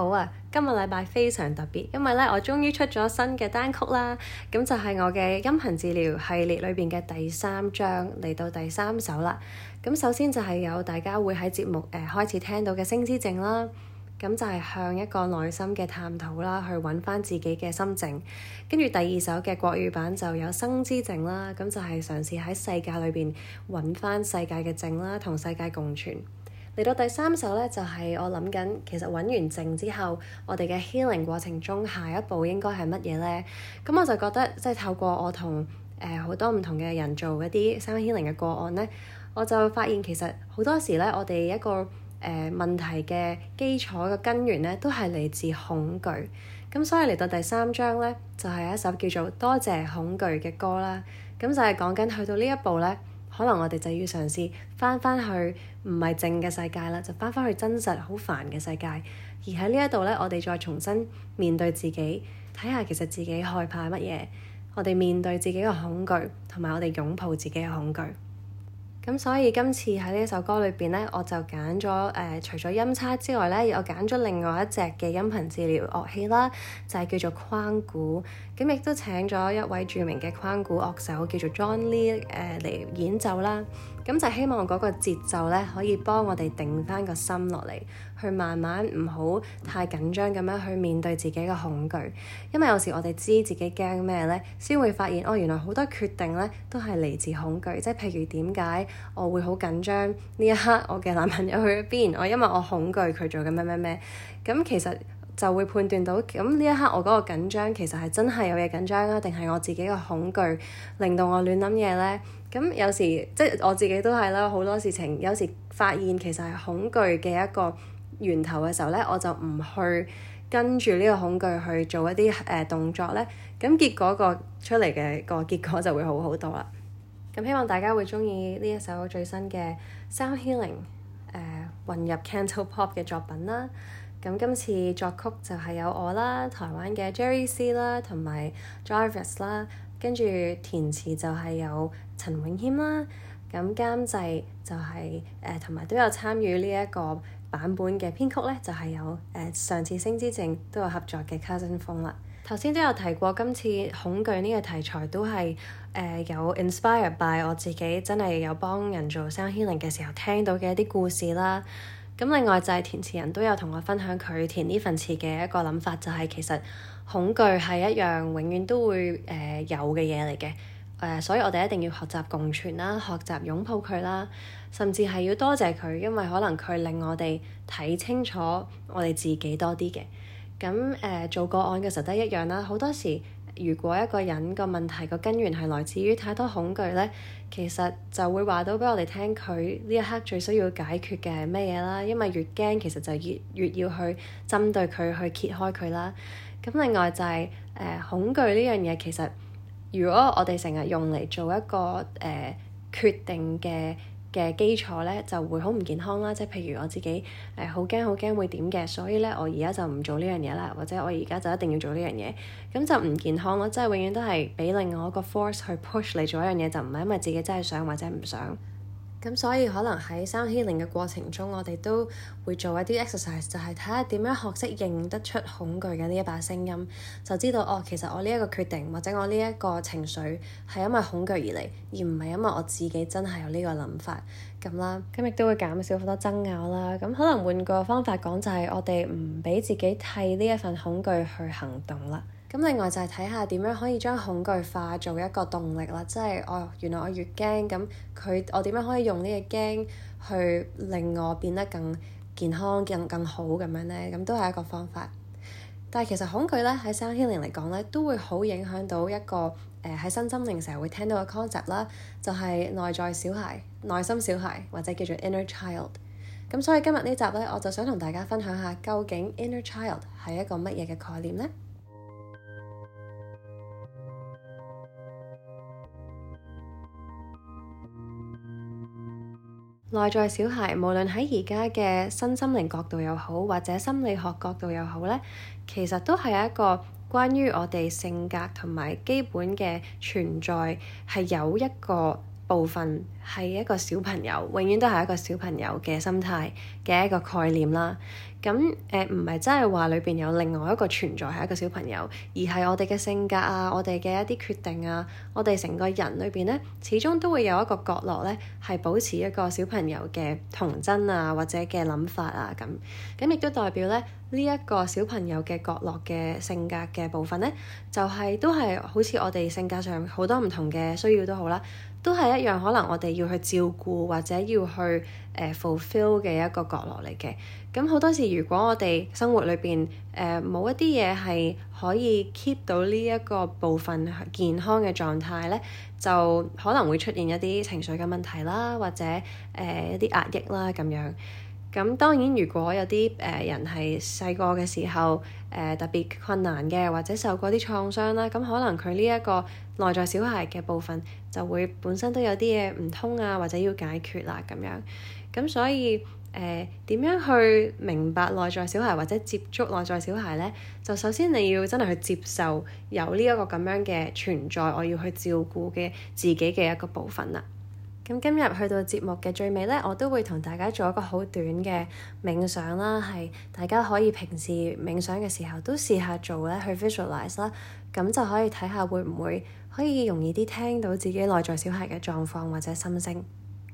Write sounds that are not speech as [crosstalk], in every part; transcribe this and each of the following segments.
好啊，今日禮拜非常特別，因為咧我終於出咗新嘅單曲啦，咁就係我嘅音頻治療系列裏邊嘅第三章，嚟到第三首啦。咁首先就係有大家會喺節目誒、呃、開始聽到嘅聲之靜啦，咁就係向一個內心嘅探討啦，去揾翻自己嘅心靜。跟住第二首嘅國語版就有聲之靜啦，咁就係嘗試喺世界裏邊揾翻世界嘅靜啦，同世界共存。嚟到第三首咧，就係、是、我諗緊，其實揾完靜之後，我哋嘅 healing 過程中，下一步應該係乜嘢咧？咁我就覺得，即、就、係、是、透過我、呃、同誒好多唔同嘅人做一啲 sound healing 嘅個案咧，我就發現其實好多時咧，我哋一個誒、呃、問題嘅基礎嘅根源咧，都係嚟自恐懼。咁所以嚟到第三章咧，就係、是、一首叫做《多謝恐懼》嘅歌啦。咁就係講緊去到呢一步咧。可能我哋就要嘗試翻返去唔係靜嘅世界啦，就翻返去真實好煩嘅世界，而喺呢一度咧，我哋再重新面對自己，睇下其實自己害怕乜嘢，我哋面對自己嘅恐懼，同埋我哋擁抱自己嘅恐懼。咁所以今次喺呢首歌裏邊呢，我就揀咗誒除咗音叉之外呢，我揀咗另外一隻嘅音頻治療樂器啦，就係、是、叫做框鼓。咁亦都請咗一位著名嘅框鼓樂手叫做 John Lee 誒、呃、嚟演奏啦。咁就希望嗰個節奏咧，可以幫我哋定翻個心落嚟，去慢慢唔好太緊張咁樣去面對自己嘅恐懼。因為有時我哋知自己驚咩咧，先會發現哦，原來好多決定咧都係嚟自恐懼。即係譬如點解我會好緊張呢一刻我嘅男朋友去咗邊？我因為我恐懼佢做緊咩咩咩。咁其實。就會判斷到，咁呢一刻我嗰個緊張其實係真係有嘢緊張啊，定係我自己嘅恐懼令到我亂諗嘢呢？咁有時即係我自己都係啦，好多事情有時發現其實係恐懼嘅一個源頭嘅時候呢，我就唔去跟住呢個恐懼去做一啲誒、呃、動作呢。咁結果個出嚟嘅個結果就會好好多啦。咁希望大家會中意呢一首最新嘅 Sound Healing、呃、混入 Canto Pop 嘅作品啦。咁今次作曲就係有我啦，台灣嘅 Jerry C 啦，同埋 Jarvis 啦，跟住填詞就係有陳永謙啦。咁監製就係、是、誒，同、呃、埋都有參與呢一個版本嘅編曲咧，就係、是、有誒、呃、上次《星之靜》都有合作嘅 Cousin Fong 啦。頭先都有提過，今次恐懼呢個題材都係誒、呃、有 inspired by 我自己真係有幫人做 sound healing 嘅時候聽到嘅一啲故事啦。咁另外就係填詞人都有同我分享佢填呢份詞嘅一個諗法，就係、是、其實恐懼係一樣永遠都會誒、呃、有嘅嘢嚟嘅，誒、呃、所以我哋一定要學習共存啦，學習擁抱佢啦，甚至係要多謝佢，因為可能佢令我哋睇清楚我哋自己多啲嘅。咁、呃、誒做個案嘅時候都一樣啦，好多時。如果一個人個問題個根源係來自於太多恐懼咧，其實就會話到俾我哋聽，佢呢一刻最需要解決嘅係咩嘢啦？因為越驚其實就越越要去針對佢，去揭開佢啦。咁另外就係誒恐懼呢樣嘢，其實如果我哋成日用嚟做一個誒決定嘅嘅基礎呢就會好唔健康啦，即係譬如我自己誒好驚好驚會點嘅，所以呢我而家就唔做呢樣嘢啦，或者我而家就一定要做呢樣嘢，咁就唔健康咯，即係永遠都係俾另外一個 force 去 push 你做一樣嘢，就唔係因為自己真係想或者唔想。咁所以可能喺 sound healing 嘅過程中，我哋都會做一啲 exercise，就係睇下點樣學識認得出恐懼嘅呢一把聲音，就知道哦，其實我呢一個決定或者我呢一個情緒係因為恐懼而嚟，而唔係因為我自己真係有呢個諗法咁啦。咁亦都會減少好多爭拗啦。咁可能換個方法講，就係、是、我哋唔俾自己替呢一份恐懼去行動啦。咁另外就係睇下點樣可以將恐懼化做一個動力啦，即係哦，原來我越驚咁佢，我點樣可以用呢個驚去令我變得更健康、更更好咁樣呢？咁都係一個方法。但係其實恐懼咧，喺身心靈嚟講咧，都會好影響到一個誒喺、呃、身心靈成日會聽到嘅 concept 啦，就係內在小孩、內心小孩或者叫做 inner child。咁所以今日呢集咧，我就想同大家分享下，究竟 inner child 係一個乜嘢嘅概念呢？內在小孩，無論喺而家嘅新心靈角度又好，或者心理學角度又好咧，其實都係一個關於我哋性格同埋基本嘅存在，係有一個部分係一個小朋友，永遠都係一個小朋友嘅心態嘅一個概念啦。咁誒，唔係真係話裏邊有另外一個存在係一個小朋友，而係我哋嘅性格啊，我哋嘅一啲決定啊，我哋成個人裏邊呢，始終都會有一個角落呢，係保持一個小朋友嘅童真啊，或者嘅諗法啊，咁咁亦都代表呢，呢一個小朋友嘅角落嘅性格嘅部分呢，就係都係好似我哋性格上好多唔同嘅需要都好啦。都係一樣，可能我哋要去照顧或者要去誒、uh, fulfill 嘅一個角落嚟嘅。咁好多時，如果我哋生活裏邊誒冇一啲嘢係可以 keep 到呢一個部分健康嘅狀態咧，就可能會出現一啲情緒嘅問題啦，或者誒、uh, 一啲壓抑啦噉樣。咁當然，如果有啲誒、呃、人係細個嘅時候誒、呃、特別困難嘅，或者受過啲創傷啦，咁可能佢呢一個內在小孩嘅部分就會本身都有啲嘢唔通啊，或者要解決啦咁樣。咁所以誒點、呃、樣去明白內在小孩或者接觸內在小孩咧？就首先你要真係去接受有呢一個咁樣嘅存在，我要去照顧嘅自己嘅一個部分啦。咁今日去到節目嘅最尾呢，我都會同大家做一個好短嘅冥想啦，係大家可以平時冥想嘅時候都試下做咧，去 visualize 啦，咁就可以睇下會唔會可以容易啲聽到自己內在小孩嘅狀況或者心聲。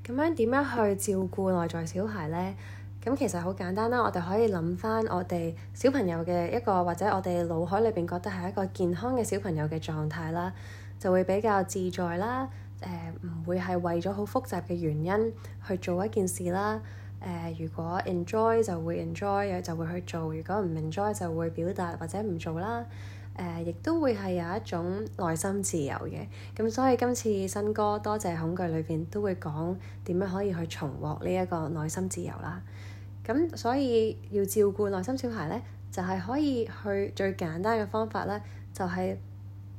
咁樣點樣去照顧內在小孩呢？咁其實好簡單啦，我哋可以諗翻我哋小朋友嘅一個，或者我哋腦海裏邊覺得係一個健康嘅小朋友嘅狀態啦，就會比較自在啦。誒、呃，唔會係為咗好複雜嘅原因去做一件事啦。誒、呃，如果 enjoy 就會 enjoy，就會去做；如果唔 enjoy 就會表達或者唔做啦。誒、呃，亦都會係有一種內心自由嘅。咁所以今次新歌多謝恐懼裏邊都會講點樣可以去重獲呢一個內心自由啦。咁所以要照顧內心小孩咧，就係可以去最簡單嘅方法咧，就係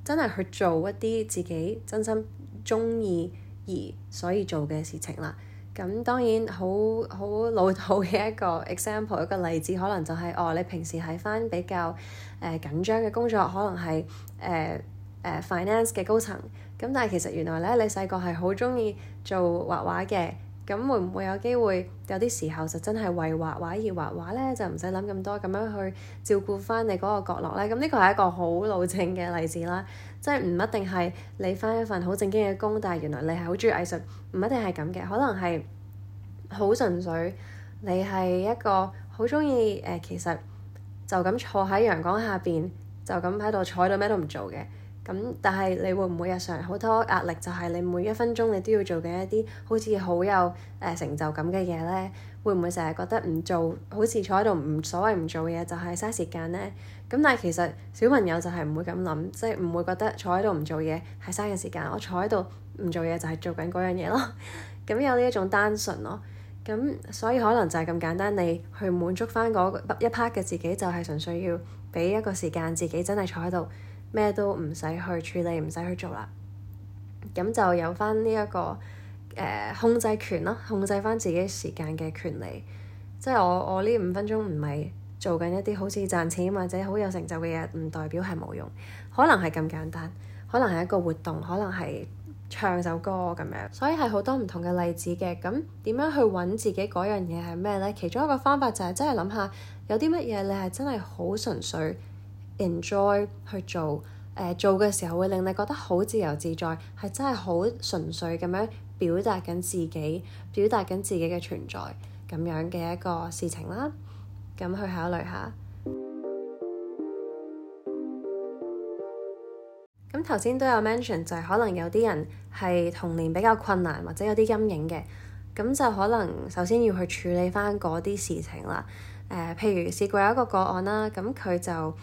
真係去做一啲自己真心中意而所以做嘅事情啦，咁當然好好老土嘅一個 example 一個例子，例子可能就係、是、哦，你平時喺返比較誒、呃、緊張嘅工作，可能係誒誒 finance 嘅高層，咁但係其實原來咧你細個係好中意做畫畫嘅，咁會唔會有機會有啲時候就真係為畫畫而畫畫咧，就唔使諗咁多，咁樣去照顧返你嗰個角落咧，咁呢個係一個好老正嘅例子啦。即係唔一定係你返一份好正經嘅工，但係原來你係好鍾意藝術，唔一定係咁嘅，可能係好純粹，你係一個好鍾意誒，其實就咁坐喺陽光下邊，就咁喺度坐到咩都唔做嘅。咁，但係你會唔會日常好多壓力？就係你每一分鐘你都要做緊一啲好似好有誒成就感嘅嘢呢？會唔會成日覺得唔做好似坐喺度唔所謂唔做嘢就係嘥時間呢？咁但係其實小朋友就係唔會咁諗，即係唔會覺得坐喺度唔做嘢係嘥嘅時間。我坐喺度唔做嘢就係做緊嗰樣嘢咯。咁有呢一種單純咯。咁所以可能就係咁簡單，你去滿足翻嗰一 part 嘅自己，就係純粹要俾一個時間自己真係坐喺度。咩都唔使去處理，唔使去做啦，咁就有翻呢一個誒、呃、控制權咯，控制翻自己時間嘅權利。即係我我呢五分鐘唔係做緊一啲好似賺錢或者好有成就嘅嘢，唔代表係冇用，可能係咁簡單，可能係一個活動，可能係唱首歌咁樣。所以係好多唔同嘅例子嘅。咁點樣去揾自己嗰樣嘢係咩咧？其中一個方法就係真係諗下有啲乜嘢你係真係好純粹。Enjoy 去做，誒、呃、做嘅時候會令你覺得好自由自在，係真係好純粹咁樣表達緊自己，表達緊自己嘅存在咁樣嘅一個事情啦。咁去考慮下。咁頭先都有 mention，就係可能有啲人係童年比較困難，或者有啲陰影嘅，咁就可能首先要去處理翻嗰啲事情啦。誒、呃，譬、呃、如試過有一個個案啦，咁、嗯、佢就。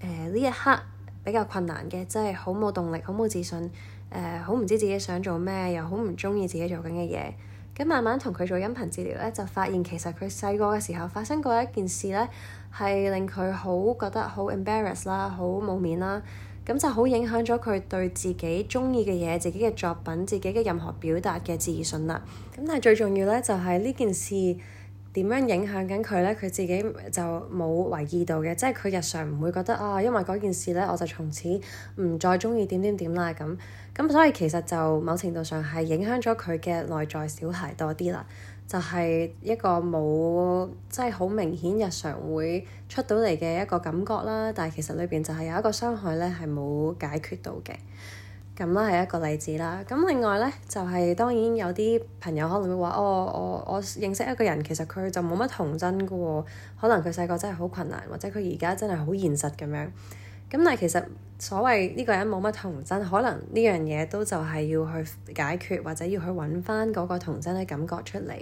誒呢、呃、一刻比較困難嘅，真係好冇動力，好冇自信，誒好唔知自己想做咩，又好唔中意自己做緊嘅嘢。咁慢慢同佢做音頻治療咧，就發現其實佢細個嘅時候發生過一件事咧，係令佢好覺得好 embarrass 啦，好冇面啦。咁就好影響咗佢對自己中意嘅嘢、自己嘅作品、自己嘅任何表達嘅自信啦。咁但係最重要咧，就係、是、呢件事。點樣影響緊佢咧？佢自己就冇為意到嘅，即係佢日常唔會覺得啊，因為嗰件事咧，我就從此唔再鍾意點點點啦咁咁。所以其實就某程度上係影響咗佢嘅內在小孩多啲啦，就係、是、一個冇即係好明顯日常會出到嚟嘅一個感覺啦。但係其實裏邊就係有一個傷害咧，係冇解決到嘅。咁啦，係一個例子啦。咁另外咧，就係當然有啲朋友可能會話：哦，我我認識一個人，其實佢就冇乜童真㗎喎。可能佢細個真係好困難，或者佢而家真係好現實咁樣。咁但係其實所謂呢個人冇乜童真，可能呢樣嘢都就係要去解決，或者要去揾翻嗰個童真嘅感覺出嚟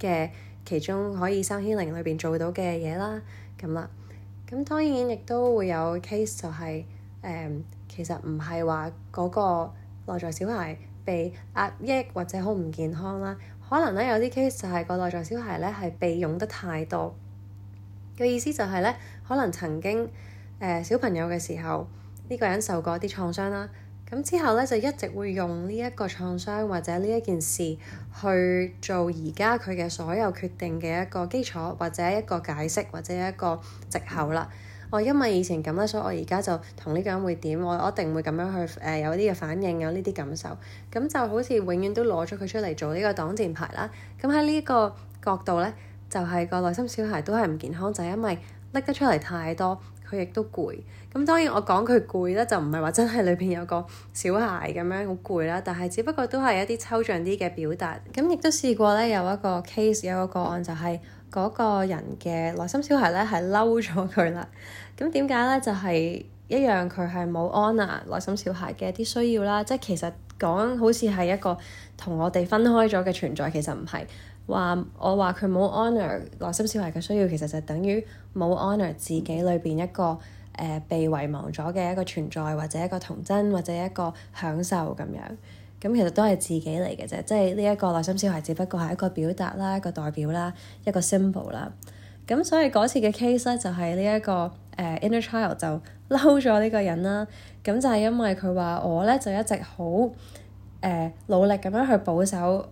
嘅其中可以 sound healing 裏邊做到嘅嘢啦。咁啦，咁當然亦都會有 case 就係誒。嗯其實唔係話嗰個內在小孩被壓抑或者好唔健康啦，可能咧有啲 case 就係個內在小孩咧係被用得太多。嘅、嗰個、意思就係咧，可能曾經誒、呃、小朋友嘅時候，呢、呢個人受過啲創傷啦，咁之後咧就一直會用呢一個創傷或者呢一件事去做而家佢嘅所有決定嘅一個基礎，或者一個解釋，或者一個藉口啦。我因為以前咁啦，所以我而家就同呢個人會點，我一定會咁樣去誒、呃、有啲嘅反應，有呢啲感受。咁就好似永遠都攞咗佢出嚟做呢個擋箭牌啦。咁喺呢個角度咧，就係、是、個內心小孩都係唔健康，就係、是、因為拎得出嚟太多，佢亦都攰。咁當然我講佢攰咧，就唔係話真係裏邊有個小孩咁樣好攰啦，但係只不過都係一啲抽象啲嘅表達。咁亦都試過咧，有一個 case，有一個個案就係、是。嗰個人嘅內心小孩咧係嬲咗佢啦，咁點解咧？就係、是、一樣佢係冇 honor 內心小孩嘅一啲需要啦，即係其實講好似係一個同我哋分開咗嘅存在，其實唔係話我話佢冇 honor 內心小孩嘅需要，其實就等於冇 honor 自己裏邊一個誒、呃、被遺忘咗嘅一個存在，或者一個童真，或者一個享受咁樣。咁其實都係自己嚟嘅啫，即係呢一個內心小孩，只不過係一個表達啦、一個代表啦、一個 symbol 啦。咁所以嗰次嘅 case 咧、這個，就係呢一個誒 inner child 就嬲咗呢個人啦。咁就係因為佢話我咧就一直好誒、呃、努力咁樣去保守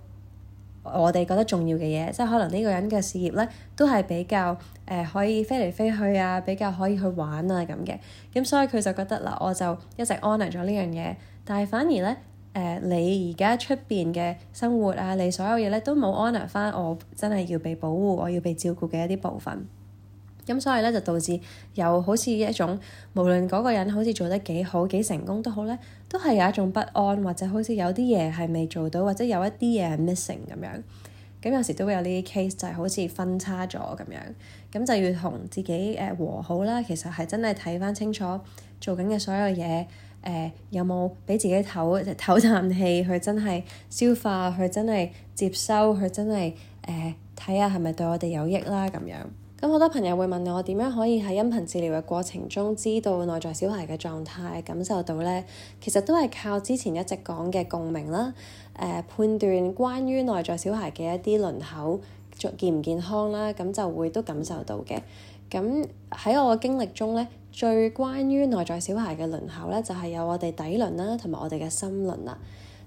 我哋覺得重要嘅嘢，即、就、係、是、可能呢個人嘅事業咧都係比較誒、呃、可以飛嚟飛去啊，比較可以去玩啊咁嘅。咁所以佢就覺得嗱，我就一直 honour 咗呢樣嘢，但係反而咧。誒、uh, 你而家出邊嘅生活啊，你所有嘢咧都冇安撫翻我，真係要被保護，我要被照顧嘅一啲部分。咁、嗯、所以咧就導致有好似一種，無論嗰個人好似做得幾好幾成功都好咧，都係有一種不安或者好似有啲嘢係未做到，或者有一啲嘢係 missing 咁樣。咁有時都會有呢啲 case 就係好似分叉咗咁樣，咁就要同自己誒、呃、和好啦。其實係真係睇翻清楚做緊嘅所有嘢。誒、呃、有冇俾自己唞唞啖氣？去真係消化，去真係接收，去真係誒睇下係咪對我哋有益啦咁樣。咁好 [noise] 多朋友會問我點樣可以喺音頻治療嘅過程中知道內在小孩嘅狀態，感受到咧？其實都係靠之前一直講嘅共鳴啦。誒、呃、判斷關於內在小孩嘅一啲輪口健唔健康啦，咁就會都感受到嘅。咁喺我嘅經歷中咧，最關於內在小孩嘅輪候咧，就係有我哋底輪啦，同埋我哋嘅心輪啦。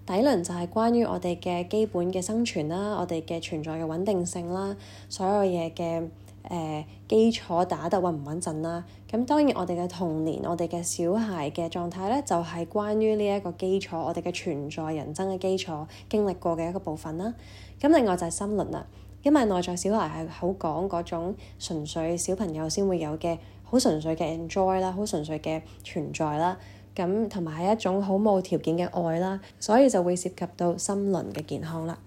底輪就係關於我哋嘅基本嘅生存啦，我哋嘅存在嘅穩定性啦，所有嘢嘅誒基礎打得穩唔穩陣啦。咁當然我哋嘅童年，我哋嘅小孩嘅狀態咧，就係關於呢一個基礎，我哋嘅存在人生嘅基礎經歷過嘅一個部分啦。咁另外就係心輪啦。因為內在小孩係好講嗰種純粹小朋友先會有嘅好純粹嘅 enjoy 啦，好純粹嘅存在啦，咁同埋係一種好冇條件嘅愛啦，所以就會涉及到心輪嘅健康啦。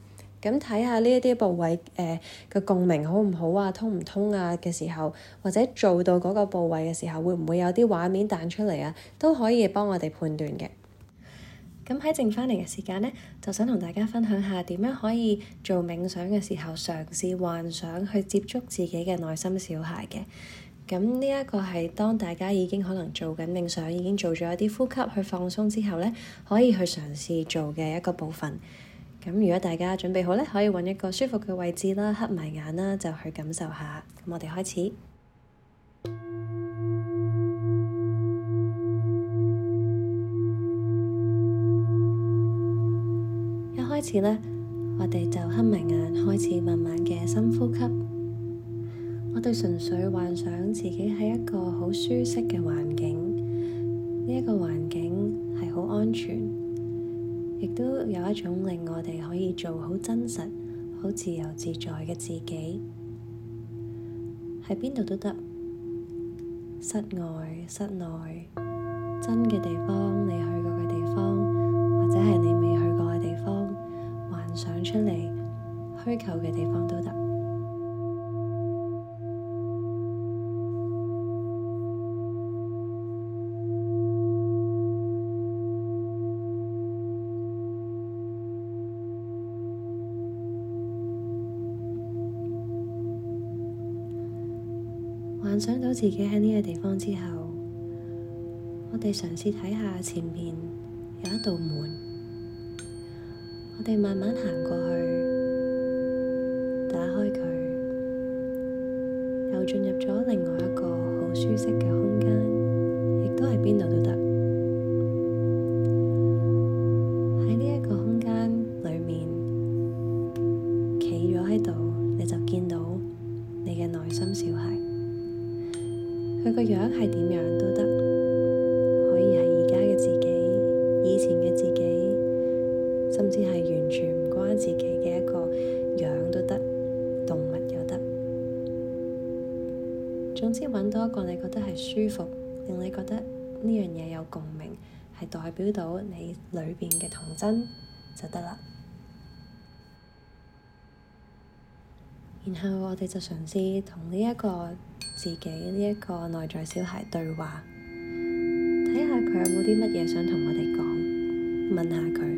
咁睇下呢一啲部位誒嘅、呃、共鳴好唔好啊，通唔通啊嘅時候，或者做到嗰個部位嘅時候，會唔會有啲畫面彈出嚟啊？都可以幫我哋判斷嘅。咁喺剩返嚟嘅時間呢，就想同大家分享下點樣可以做冥想嘅時候，嘗試幻想去接觸自己嘅內心小孩嘅。咁呢一個係當大家已經可能做緊冥想，已經做咗一啲呼吸去放鬆之後呢，可以去嘗試做嘅一個部分。咁如果大家準備好呢，可以揾一個舒服嘅位置啦，黑埋眼啦，就去感受下。咁我哋開始。次呢，我哋就黑埋眼，開始慢慢嘅深呼吸。我哋純粹幻想自己喺一個好舒適嘅環境，呢一個環境係好安全，亦都有一種令我哋可以做好真實、好自由自在嘅自己，喺邊度都得，室外、室內，真嘅地方，你去過嘅地方，或者係你。想出嚟虛構嘅地方都得，幻想到自己喺呢個地方之後，我哋嘗試睇下前面有一道門。我哋慢慢行過去，打開佢，又進入咗另外一個好舒適嘅空間，亦都喺邊度都得。自己嘅一個樣都得，動物又得，總之揾到一個你覺得係舒服，令你覺得呢樣嘢有共鳴，係代表到你裏邊嘅童真就得啦。 [noise] 然後我哋就嘗試同呢一個自己，呢一個內在小孩對話，睇下佢有冇啲乜嘢想同我哋講，問下佢。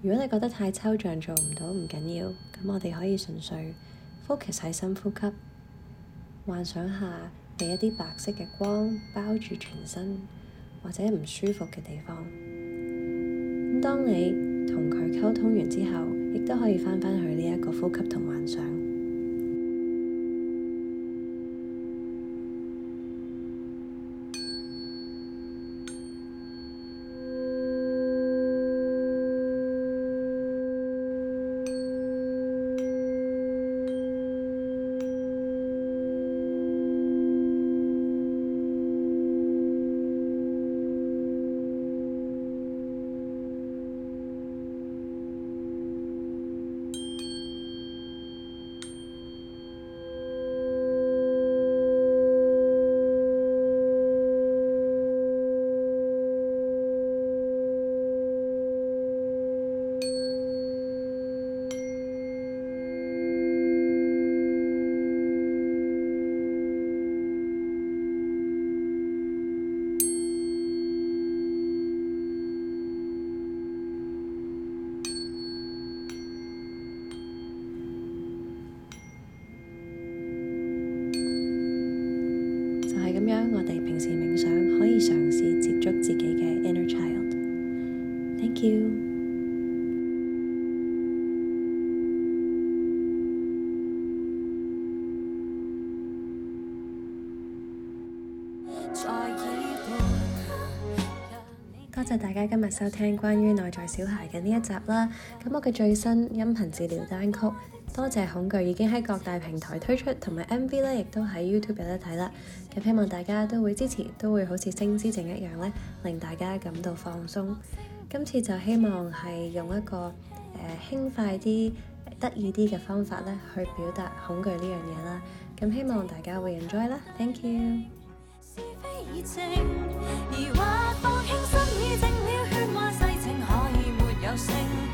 如果你覺得太抽象做唔到，唔緊要，咁我哋可以純粹呼吸，focus 喺深呼吸，幻想下俾一啲白色嘅光包住全身，或者唔舒服嘅地方。咁當你同佢溝通完之後，亦都可以翻返去呢一個呼吸同幻想。大家今日收聽關於內在小孩嘅呢一集啦，咁我嘅最新音頻治療單曲多謝恐懼已經喺各大平台推出，同埋 MV 咧，亦都喺 YouTube 有得睇啦。咁希望大家都會支持，都會好似星之靜一樣咧，令大家感到放鬆。今次就希望係用一個誒、呃、輕快啲、得意啲嘅方法咧去表達恐懼呢樣嘢啦。咁希望大家會 enjoy 啦，Thank you。而或放輕心，已靜了喧嘩世情，可以沒有聲。